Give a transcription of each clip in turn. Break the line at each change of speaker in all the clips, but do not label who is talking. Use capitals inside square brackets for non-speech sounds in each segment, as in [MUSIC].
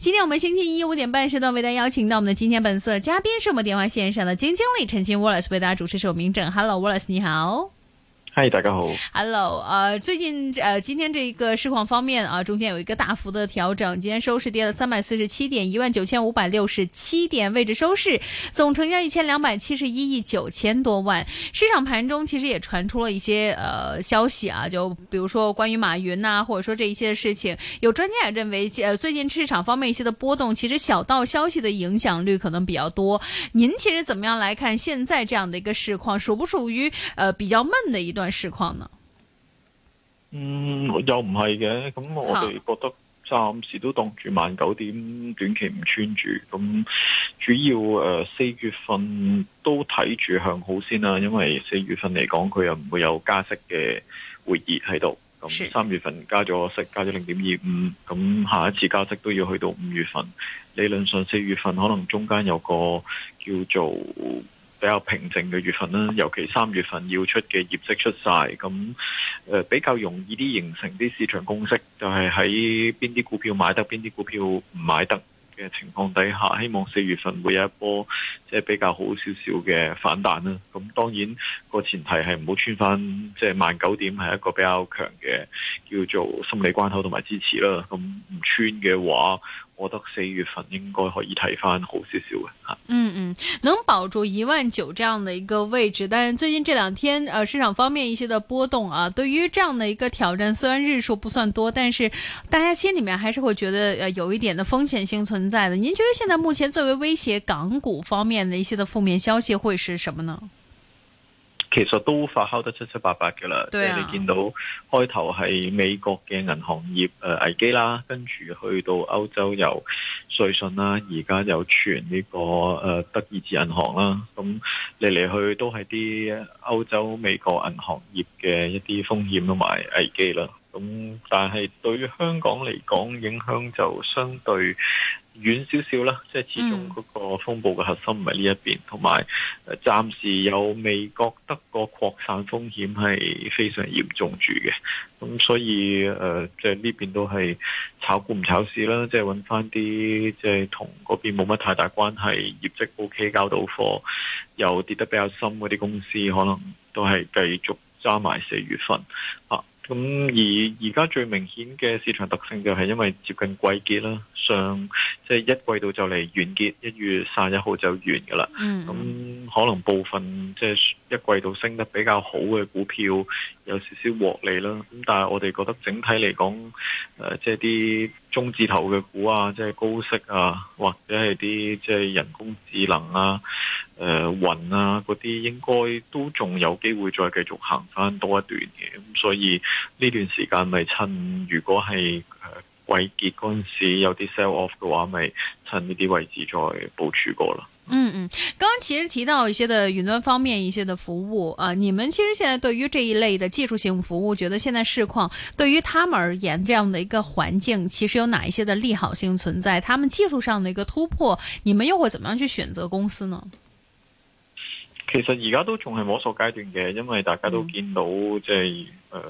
今天我們星期一五點半時段為大家邀請到我們的《金錢本色》嘉賓是我們電話線上的基金經理陳昕 Wallace 為大家主持，首名正。Hello，Wallace，你好。嗨，Hi，大家好。Hello，呃，最近呃，今天這一個市況方面啊、呃，中間有一個大幅的調整。今天收市跌了三百四十七點，一萬九千五百六十七點位置收市，總成交一千兩百七十一億九千多萬。市場盤中其實也傳出了一些呃消息啊，就比如説關於馬雲呐、啊，或者說這一些事情，有專家也認為，呃，最近市場方面一些的波動，其實小道消息的影響率可能比較多。您其實怎麼樣來看現在這樣的一個市況，屬不屬於呃比較悶的一段？市況呢？
嗯，又唔係嘅，咁我哋覺得暫時都當住萬九點，短期唔穿住。咁主要誒，四、呃、月份都睇住向好先啦，因為四月份嚟講，佢又唔會有加息嘅會議喺度。咁三月份加咗息，加咗零點二五。咁下一次加息都要去到五月份。理論上四月份可能中間有個叫做比較平靜嘅月份啦，尤其三月份要出嘅業績出晒，咁比較容易啲形成啲市場共識，就係喺邊啲股票買得，邊啲股票唔買得嘅情況底下，希望四月份會有一波即係比較好少少嘅反彈啦。咁當然個前提係唔好穿返，即係萬九點係一個比較強嘅叫做心理關口同埋支持啦。咁唔穿嘅話，我覺得四月份應該可以睇翻好少少嘅
吓，嗯嗯，能保住一萬九這樣的一個位置，但最近這兩天，呃，市場方面一些的波動啊，對於這樣的一個挑戰，雖然日數不算多，但是大家心裏面還是會覺得，呃，有一點的風險性存在的。您覺得現在目前最為威脅港股方面的一些的負面消息會是什麼呢？
其實都發酵得七七八八嘅啦，即係、啊、你見到開頭係美國嘅銀行業誒危機啦，跟住去到歐洲有瑞信啦，而家又傳呢個誒德意志銀行啦，咁嚟嚟去都係啲歐洲、美國銀行業嘅一啲風險同埋危機啦，咁但係對香港嚟講影響就相對。遠少少啦，即係始終嗰個風暴嘅核心唔係呢一邊，同埋、嗯、暫時有未覺得個擴散風險係非常嚴重住嘅，咁所以誒，即係呢邊都係炒股唔炒市啦，即係揾翻啲即係同嗰邊冇乜太大關係，業績 OK 交到貨，又跌得比較深嗰啲公司，可能都係繼續揸埋四月份啊。咁而而家最明顯嘅市場特性就係因為接近季結啦，上即係、就是、一季度就嚟完結，一月卅一號就完㗎喇。咁、嗯、可能部分即係、就是、一季度升得比較好嘅股票。有少少獲利啦，咁但係我哋覺得整體嚟講、呃，即係啲中字頭嘅股啊，即係高息啊，或者係啲即係人工智能啊、誒、呃、雲啊嗰啲，應該都仲有機會再繼續行翻多一段嘅，咁所以呢段時間咪趁，如果係季結嗰陣時有啲 sell off 嘅話，咪趁呢啲位置再部署過啦。
嗯嗯，剛剛其實提到一些的雲端方面一些的服務啊，你們其實現在對於這一類的技術性服務，覺得現在市況對於他們而言這樣的一個環境，其實有哪一些的利好性存在？他們技術上的一個突破，你們又會怎麼樣去選擇公司呢？
其實而家都仲係摸索階段嘅，因為大家都見到、嗯、即係呃。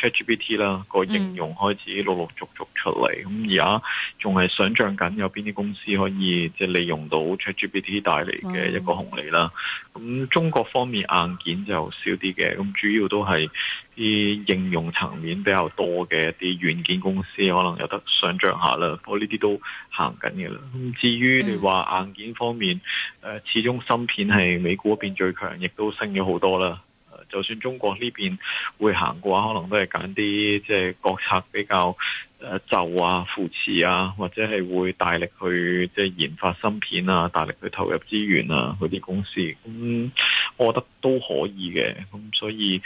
ChatGPT 啦、T，個應用開始陸陸續續出嚟，咁而家仲係想象緊有邊啲公司可以即係、就是、利用到 ChatGPT 帶嚟嘅一個紅利啦。咁、嗯、中國方面硬件就少啲嘅，咁主要都係啲應用層面比較多嘅一啲軟件公司，可能有得想象下啦。我呢啲都行緊嘅啦。咁至於你話硬件方面，誒、嗯、始終芯片係美股嗰邊最強，亦都升咗好多啦。就算中國呢邊會行嘅話，可能都係揀啲即係國策比較。誒、呃，就啊，扶持啊，或者係會大力去即係研發芯片啊，大力去投入資源啊，嗰啲公司，咁、嗯、我覺得都可以嘅，咁、嗯、所以誒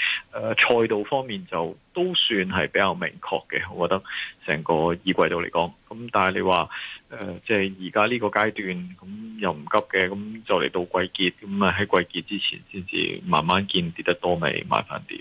賽、呃、道方面就都算係比較明確嘅，我覺得成個二季度嚟講，咁、嗯、但係你話誒即係而家呢個階段咁、嗯、又唔急嘅，咁、嗯、就嚟到季結，咁啊喺季結之前先至慢慢見跌得多未，買翻啲。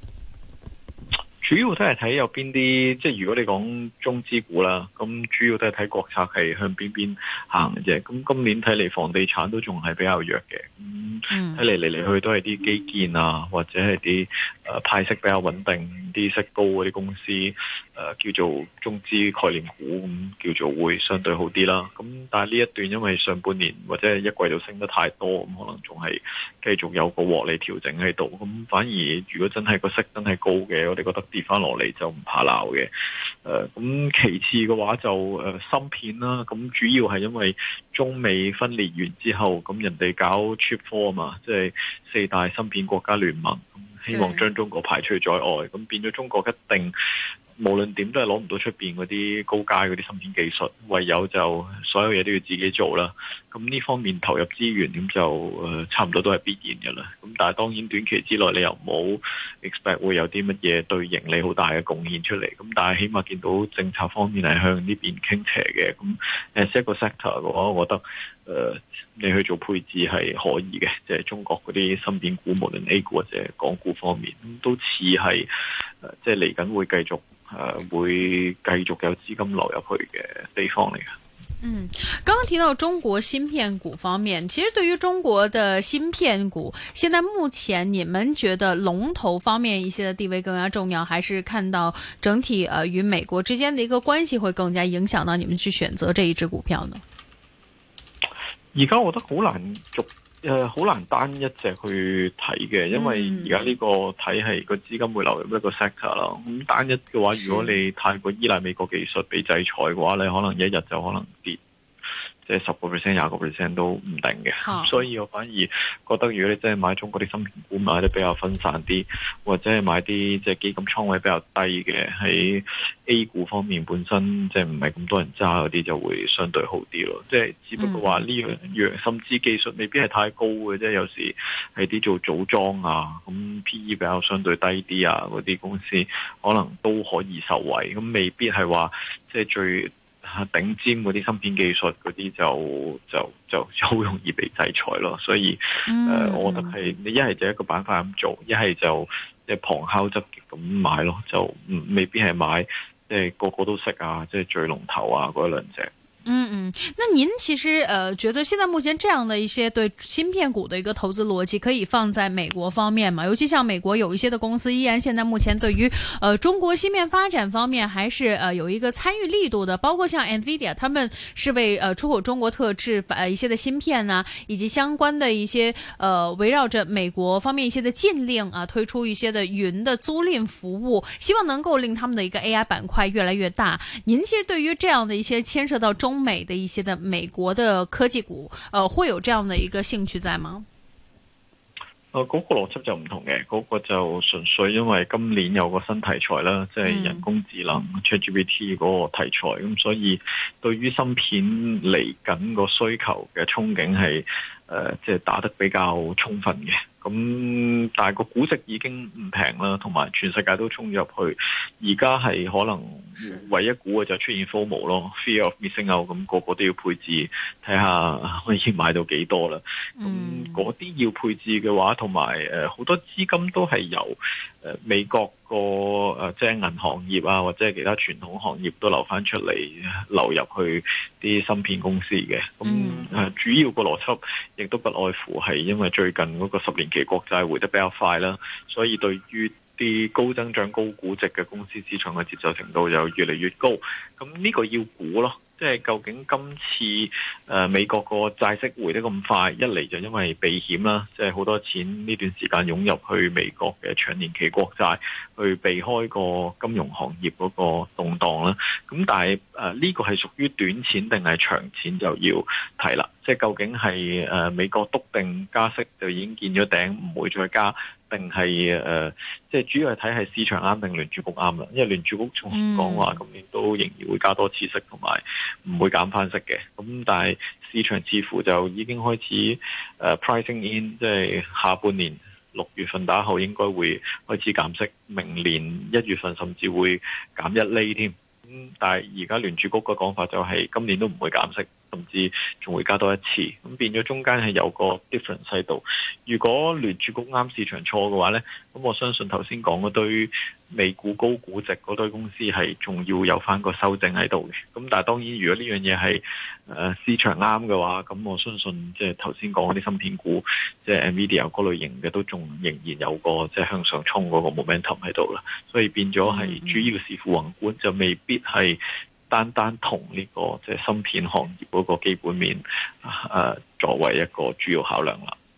主要都係睇有邊啲，即係如果你講中資股啦，咁主要都係睇國策係向邊邊行嘅啫。咁今年睇嚟，房地產都仲係比較弱嘅，咁睇嚟嚟嚟去都係啲基建啊，嗯、或者係啲。誒、呃、派息比較穩定，啲息高嗰啲公司，誒、呃、叫做中資概念股咁，叫做會相對好啲啦。咁但係呢一段，因為上半年或者一季度升得太多，咁、嗯、可能仲係繼續有個獲利調整喺度。咁、嗯、反而如果真係個息真係高嘅，我哋覺得跌翻落嚟就唔怕鬧嘅。誒、呃、咁其次嘅話就誒、呃、芯片啦。咁、嗯、主要係因為中美分裂完之後，咁、嗯、人哋搞 Chip Four 啊嘛，即係四大芯片國家聯盟。希望將中國排除在外，咁變咗中國一定。無論點都係攞唔到出邊嗰啲高階嗰啲芯片技術，唯有就所有嘢都要自己做啦。咁呢方面投入資源，咁就、呃、差唔多都係必然嘅啦。咁但係當然短期之內你又唔好 expect 會有啲乜嘢對盈利好大嘅貢獻出嚟。咁但係起碼見到政策方面係向呢邊傾斜嘅。咁 as 一個 sector 嘅話，我覺得誒、呃、你去做配置係可以嘅，即係中國嗰啲芯片股，無論 A 股或者港股方面，咁都似係即係嚟緊會繼續。誒、呃，會繼續有資金流入去嘅地方嚟嘅。嗯，剛
剛提到中國芯片股方面，其實對於中國的芯片股，現在目前你們覺得龍頭方面一些的地位更加重要，還是看到整體誒與、呃、美國之間的一個關係會更加影響到你們去選擇這一支股票呢？而家我覺得好難
誒好、呃、難單一隻去睇嘅，因為而家呢個體系個資金會流入一個 sector 咯。咁單一嘅話，如果你太過依賴美國技術被制裁嘅話，你可能一日就可能跌。即係十個 percent、廿個 percent 都唔定嘅，哦、所以我反而覺得如果你真係買中國啲芯片股，買得比較分散啲，或者係買啲即係基金倉位比較低嘅喺 A 股方面，本身即係唔係咁多人揸嗰啲，就會相對好啲咯。即、就、係、是、只不過話呢樣甚至技術未必係太高嘅即啫，有時係啲做組裝啊，咁 PE 比較相對低啲啊，嗰啲公司可能都可以受惠，咁未必係話即係最。頂尖嗰啲芯片技術嗰啲就就就好容易被制裁咯，所以誒、嗯呃，我覺得係你一係就，是、就一個板塊咁做，一係就即旁敲側擊咁買咯，就未必係買即係個個都識啊，即係最龍頭啊嗰兩隻。
嗯嗯，那您其實呃覺得現在目前這樣的一些對芯片股的一個投資邏輯，可以放在美國方面嗎？尤其像美國有一些的公司，依然現在目前對於呃中國芯片發展方面，還是呃有一個參與力度的。包括像 Nvidia，他們是為呃出口中國特製呃一些的芯片呢，啊，以及相關的一些呃圍繞着美國方面一些的禁令啊，推出一些的雲的租賃服務，希望能夠令他們的一個 AI 板塊越來越大。您其實對於這樣的一些牽涉到中美的一些的美國的科技股，呃，會有這樣的一個興趣在嗎？
呃，嗰個邏輯就唔同嘅，嗰、嗰個就純粹因為今年有個新題材啦，即、就、係、是、人工智能 ChatGPT 嗰、嗯、個題材，咁所以對於芯片嚟緊個需求嘅憧憬係，即、呃、係、就是、打得比較充分嘅。咁但係個估值已經唔平啦，同埋全世界都衝咗入去，而家係可能唯一估嘅就出現 FOMO 咯，Fear of Missing Out，咁個個都要配置，睇下可以買到幾多啦。咁嗰啲要配置嘅話，同埋誒好多資金都係由誒、呃、美國。個誒，即係銀行業啊，或者係其他傳統行業都流返出嚟，流入去啲芯片公司嘅。咁誒，主要個邏輯亦都不外乎係因為最近嗰個十年期國債回得比較快啦，所以對於啲高增長、高估值嘅公司市場，嘅接受程度又越嚟越高。咁呢個要估咯。即係究竟今次誒美國個債息回得咁快，一嚟就因為避險啦，即係好多錢呢段時間湧入去美國嘅長年期國債，去避開個金融行業嗰個動盪啦。咁但係誒呢個係屬於短錢定係長錢就要睇啦。即係究竟係誒美國篤定加息就已經見咗頂，唔會再加。定係誒，即係、呃、主要係睇係市場啱定聯儲局啱啦。因為聯儲局從講話今年都仍然會加多次息，同埋唔會減返息嘅。咁但係市場似乎就已經開始 pricing in，即係下半年六月份打後應該會開始減息，明年一月份甚至會減一厘添。咁但係而家聯儲局嘅講法就係今年都唔會減息。甚至仲會加多一次，咁變咗中間係有個 different 喺度。如果聯儲局啱市場錯嘅話呢，咁我相信頭先講嗰堆美股高估值嗰堆公司係仲要有返個修正喺度嘅。咁但係當然，如果呢樣嘢係市場啱嘅話，咁我相信即係頭先講嗰啲芯片股，即係 NVIDIA 嗰類型嘅都仲仍然有個即係向上衝嗰個 momentum 喺度啦。所以變咗係主要視乎宏觀，就未必係單單同呢個即係芯片行業嗰個基本面，誒作為一個主要考量啦。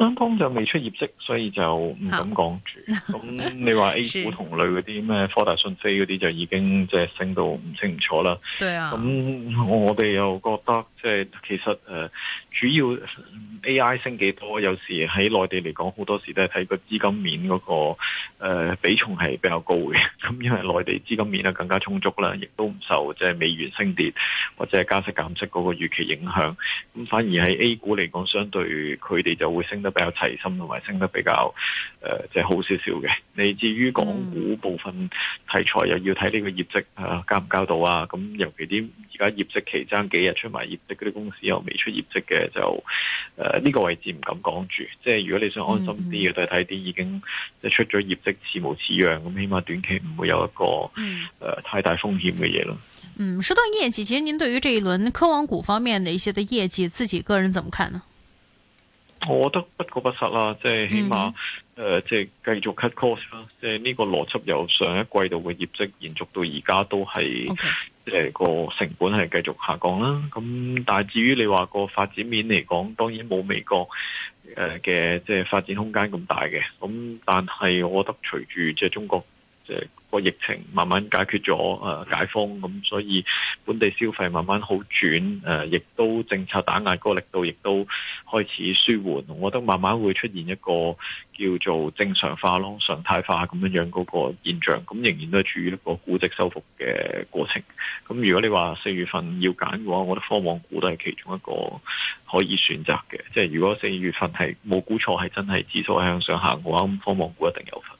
雙方就未出業績，所以就唔敢講住。咁 [LAUGHS] 你話 A 股同類嗰啲咩科大訊飛嗰啲就已經即係升到唔清唔楚啦。咁、對啊、我哋又覺得即係其實。誒、呃。主要 AI 升幾多？有時喺內地嚟講好多時都係睇個資金面嗰、嗰個、呃、比重係比較高嘅。咁、嗯、因為內地資金面咧更加充足啦，亦都唔受即係美元升跌或者加息減息嗰個預期影響，咁、嗯、反而喺 A 股嚟講相對佢哋就會升得比較齊心，同埋升得比較誒即係好少少嘅。你至於港股部分題材，又要睇呢個業績啊交唔交到啊？咁、啊嗯、尤其啲。而家業績期爭幾日出埋業績，嗰啲公司又未出業績嘅，就誒呢、呃這個位置唔敢講住。即係如果你想安心啲嘅，都係睇啲已經即係出咗業績似模似樣，咁、嗯、起碼短期唔會有一個誒、嗯呃、太大風險嘅嘢咯。嗯，
說到業績，其實您對於這一輪科網股方面的一些的業績，自己個人怎麼看呢？
我覺得不過不失啦，即係起碼誒、嗯呃，即係繼續 cut cost 啦。即係呢個邏輯由上一季度嘅業績延續到而家都係。Okay. 即個成本係繼續下降啦，咁但係至於你話個發展面嚟講，當然冇美國誒嘅即係發展空間咁大嘅，咁但係我覺得隨住即係中國。個疫情慢慢解決咗，誒解封咁，所以本地消費慢慢好轉，誒亦都政策打壓嗰個力度亦都開始舒緩，我覺得慢慢會出現一個叫做正常化咯、常態化咁樣樣嗰個現象，咁仍然都係處於一個估值修復嘅過程。咁如果你話四月份要揀嘅話，我覺得科網股都係其中一個可以選擇嘅。即係如果四月份係冇估錯，係真係指數向上行嘅話，咁科網股一定有份。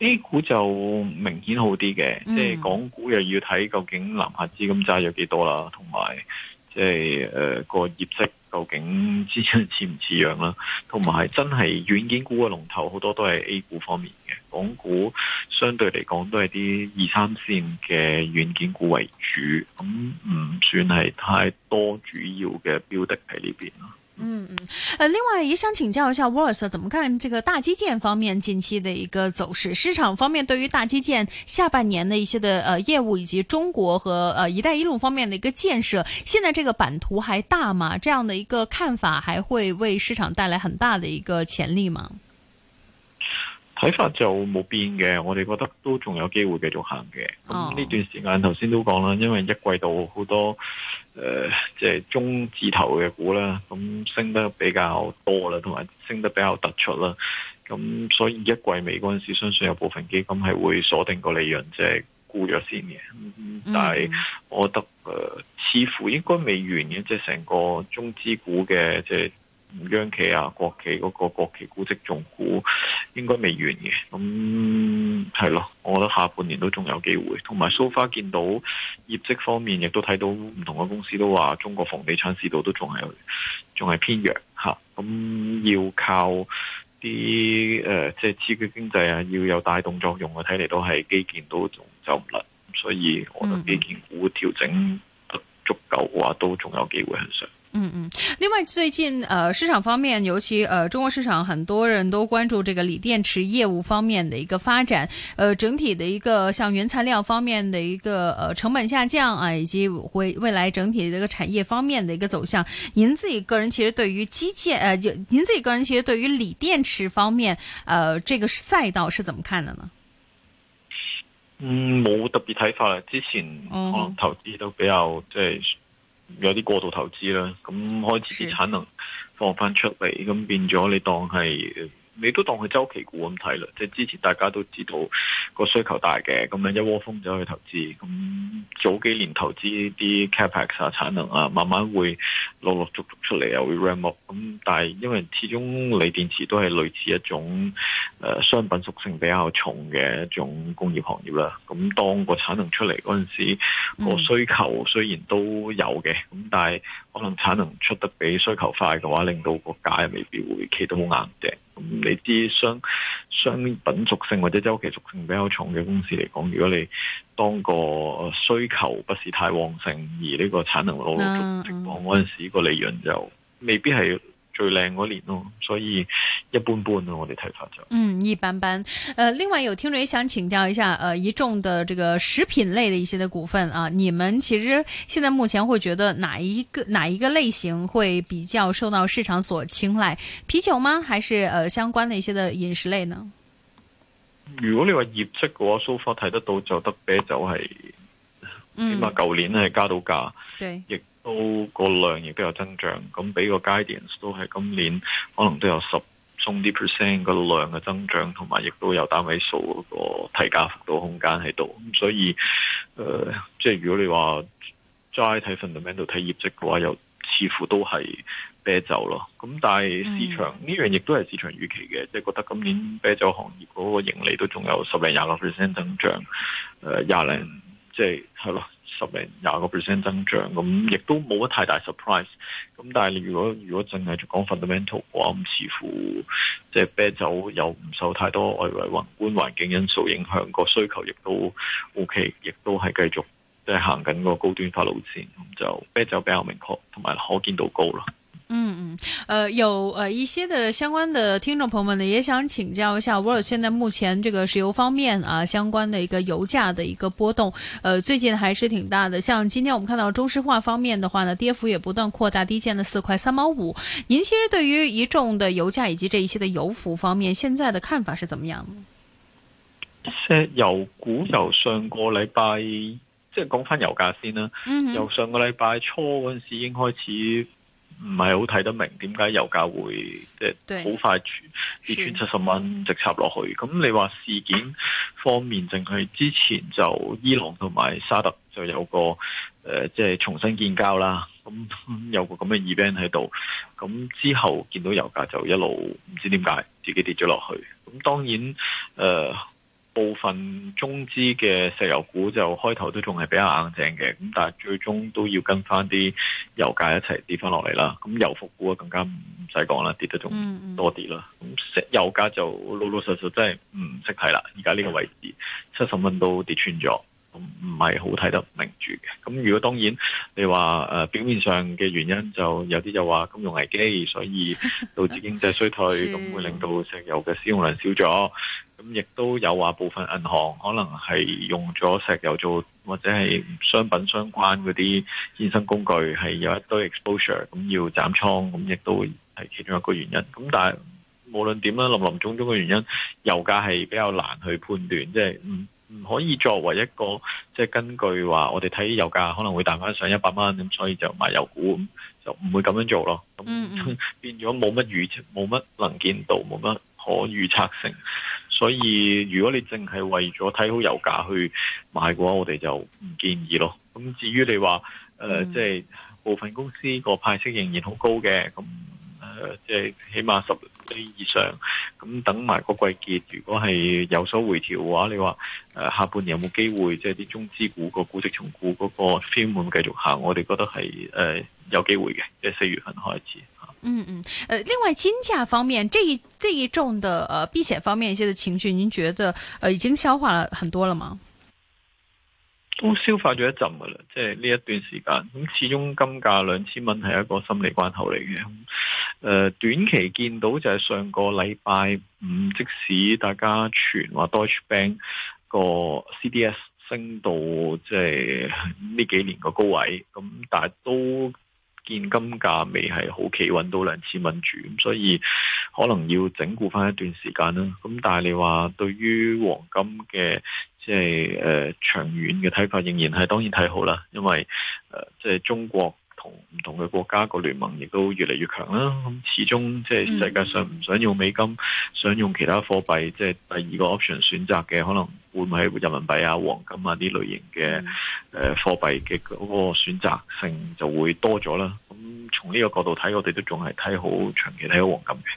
A 股就明顯好啲嘅，即係、嗯、港股又要睇究竟南下資金揸咗幾多啦，同埋即係誒個業績究竟之前似唔似樣啦，同埋真係軟件股嘅龍頭好多都係 A 股方面嘅，港股相對嚟講都係啲二三線嘅軟件股為主，咁唔算係太多主要嘅標的喺呢邊咯。
嗯嗯，誒，另外也想請教一下 Wallace 怎麼看這個大基建方面近期的一個走勢？市場方面對於大基建下半年的一些的誒業務，以及中國和誒一帶一路方面的一個建設，現在這個版圖還大嗎？這樣的一個看法，還會為市場帶來很大的一個潛力嗎？
睇法就冇變嘅，我哋覺得都仲有機會繼續行嘅。咁呢段時間頭先都講啦，因為一季度好多。誒，即係、呃就是、中字頭嘅股啦，咁升得比較多啦，同埋升得比較突出啦，咁所以一季尾嗰陣時，相信有部分基金係會鎖定個利潤，即、就、係、是、沽咗先嘅。但係我覺得誒、呃，似乎應該未完嘅，即係成個中資股嘅即係。就是唔央企啊，國企嗰、那個國企估值重估，應該未完嘅。咁係咯，我覺得下半年都仲有機會。同埋 so far 見到業績方面，亦都睇到唔同嘅公司都話，中國房地產市道都仲係仲係偏弱吓。咁要靠啲誒，即係刺激經濟啊，要有帶動作用啊。睇嚟都係基建都仲走唔甩，所以我覺得基建股調整足夠嘅話，都仲有機會向上。
嗯嗯，另外最近呃市場方面，尤其呃中國市場，很多人都關注這個鋰電池業務方面的一個發展。呃，整體的一個像原材料方面的一個呃成本下降啊，以及未未來整體的一個產業方面的一個走向。您自己個人其實對於基建呃，就您自己個人其實對於鋰電池方面呃這個賽道是怎麼看的呢？嗯，
冇特別睇法啊。之前嗯，可能投資都比較即係。嗯嗯有啲過度投資啦，咁開始啲產能放翻出嚟，咁變咗你當係。你都當佢周期股咁睇啦，即係之前大家都知道個需求大嘅，咁樣一窩蜂走去投資。咁早幾年投資啲 capex 啊產能啊，慢慢會陸陸續續出嚟又會 r a m up。咁但係因為始終鋰電池都係類似一種誒、呃、商品屬性比較重嘅一種工業行業啦。咁當個產能出嚟嗰陣時，嗯、個需求雖然都有嘅，咁但係可能產能出得比需求快嘅話，令到個價又未必會企得好硬嘅。你啲商商品屬性或者周期屬性比較重嘅公司嚟講，如果你當個需求不是太旺盛，而呢個產能陸陸續續釋放嗰陣時，個利潤就未必係。最靚嗰年咯，所以一般般咯、啊，我哋睇法，就
嗯一般般。呃，另外有聽者想請教一下，呃，一眾的這個食品類的一些的股份啊，你們其實現在目前會覺得哪一個哪一個類型會比較受到市場所青睞？啤酒嗎？還是呃相關的一些的飲食類呢？
如果你話業績嘅話，so far 睇得到就得啤酒係，起碼舊年係加到價，對，都、嗰個量亦都有增長，咁俾個 guidance 都係今年可能都有十、十零啲 percent 個量嘅增長，同埋亦都有單位數嗰個提價幅度空間喺度。咁所以，誒、呃，即係如果你話齋睇 fundamental 睇業績嘅話，又似乎都係啤酒咯。咁但係市場呢、mm. 樣亦都係市場預期嘅，即係覺得今年啤酒行業嗰個盈利都仲有十零、廿個 percent 增長，誒、呃，廿零。即係係咯，十零廿個 percent 增長咁，亦都冇乜太大 surprise。咁但係，如果如果淨係講 fundamental 嘅話，咁似乎即係啤酒又唔受太多外圍宏觀環境因素影響，個需求亦都 OK，亦都係繼續即係行緊個高端化路線。咁就啤酒比較明確，同埋可見度高啦。
嗯嗯，呃，有呃一些的相關的聽眾朋友們呢，也想請教一下，沃爾，現在目前這個石油方面啊，相關的一個油價的一個波動，呃，最近還是挺大的。像今天我們看到中石化方面的話呢，跌幅也不斷擴大，低見了四塊三毛五。您其實對於一眾的油價以及這一些的油服方面，現在的看法是怎麼樣的？
石油股由上個禮拜，即係講翻油價先啦，啊，嗯、哼由上個禮拜初嗰陣時已經開始。唔係好睇得明點解油價會即係好快跌穿七十蚊，直插落去。咁、嗯、你話事件方面，淨係之前就伊朗同埋沙特就有個即係、呃即係、重新建交啦。咁有個咁嘅 event 喺度。咁之後見到油價就一路唔知點解自己跌咗落去。咁當然誒。呃部分中資嘅石油股就開頭都仲係比較硬淨嘅，咁但係最終都要跟翻啲油價一齊跌翻落嚟啦。咁油服股啊更加唔使講啦，跌得仲多啲啦。咁、嗯嗯、石油價就老老實實真係唔識睇啦，而家呢個位置七十蚊都跌穿咗。唔唔係好睇得明住嘅，咁如果當然你話誒表面上嘅原因，就有啲就話金融危機，所以導致經濟衰退，咁會令到石油嘅使用量少咗。咁亦都有話部分銀行可能係用咗石油做或者係商品相關嗰啲衍生工具，係有一堆 exposure，咁要斬倉，咁亦都會係其中一個原因。咁但係無論點樣，林林總總嘅原因，油價係比較難去判斷，即係嗯。唔可以作為一個即係根據話，我哋睇油價可能會彈返上一百蚊，咁所以就買油股，就唔會咁樣做咯。咁變咗冇乜預測，冇乜能見度，冇乜可預測性。所以如果你淨係為咗睇好油價去買嘅話，我哋就唔建議咯。咁至於你話誒，即係部分公司個派息仍然好高嘅，咁。誒，即係、呃、起碼十厘以上，咁等埋個季結，如果係有所回調嘅話，你話誒下半年有冇機會？即係啲中資股個估值重估嗰個 feel 會唔會繼續行？我哋覺得係誒、呃、有機會嘅，即係四月份開始
吓、嗯。嗯嗯，誒，另外金價方面，這一這一種的誒避險方面一些的情緒，你覺得誒已經消化了很多了嗎？
都消化咗一陣噶啦，即係呢一段時間。咁始終金價兩千蚊係一個心理關口嚟嘅。誒、呃，短期見到就係上個禮拜五，即使大家傳話 Deutsche Bank 個 CDS 升到即係呢幾年個高位，咁、嗯、但係都見金價未係好企穩到兩千蚊住，咁所以可能要整固翻一段時間啦。咁、嗯、但係你話對於黃金嘅即係誒長遠嘅睇法，仍然係當然睇好啦，因為誒即係中國。同唔同嘅國家個聯盟亦都越嚟越強啦。咁始終即係世界上唔想用美金，嗯、想用其他貨幣，即、就、係、是、第二個 option 選擇嘅，可能會唔會係人民幣啊、黃金啊啲類型嘅貨幣嘅嗰個選擇性就會多咗啦。咁從呢個角度睇，我哋都仲係睇好長期睇好黃金嘅。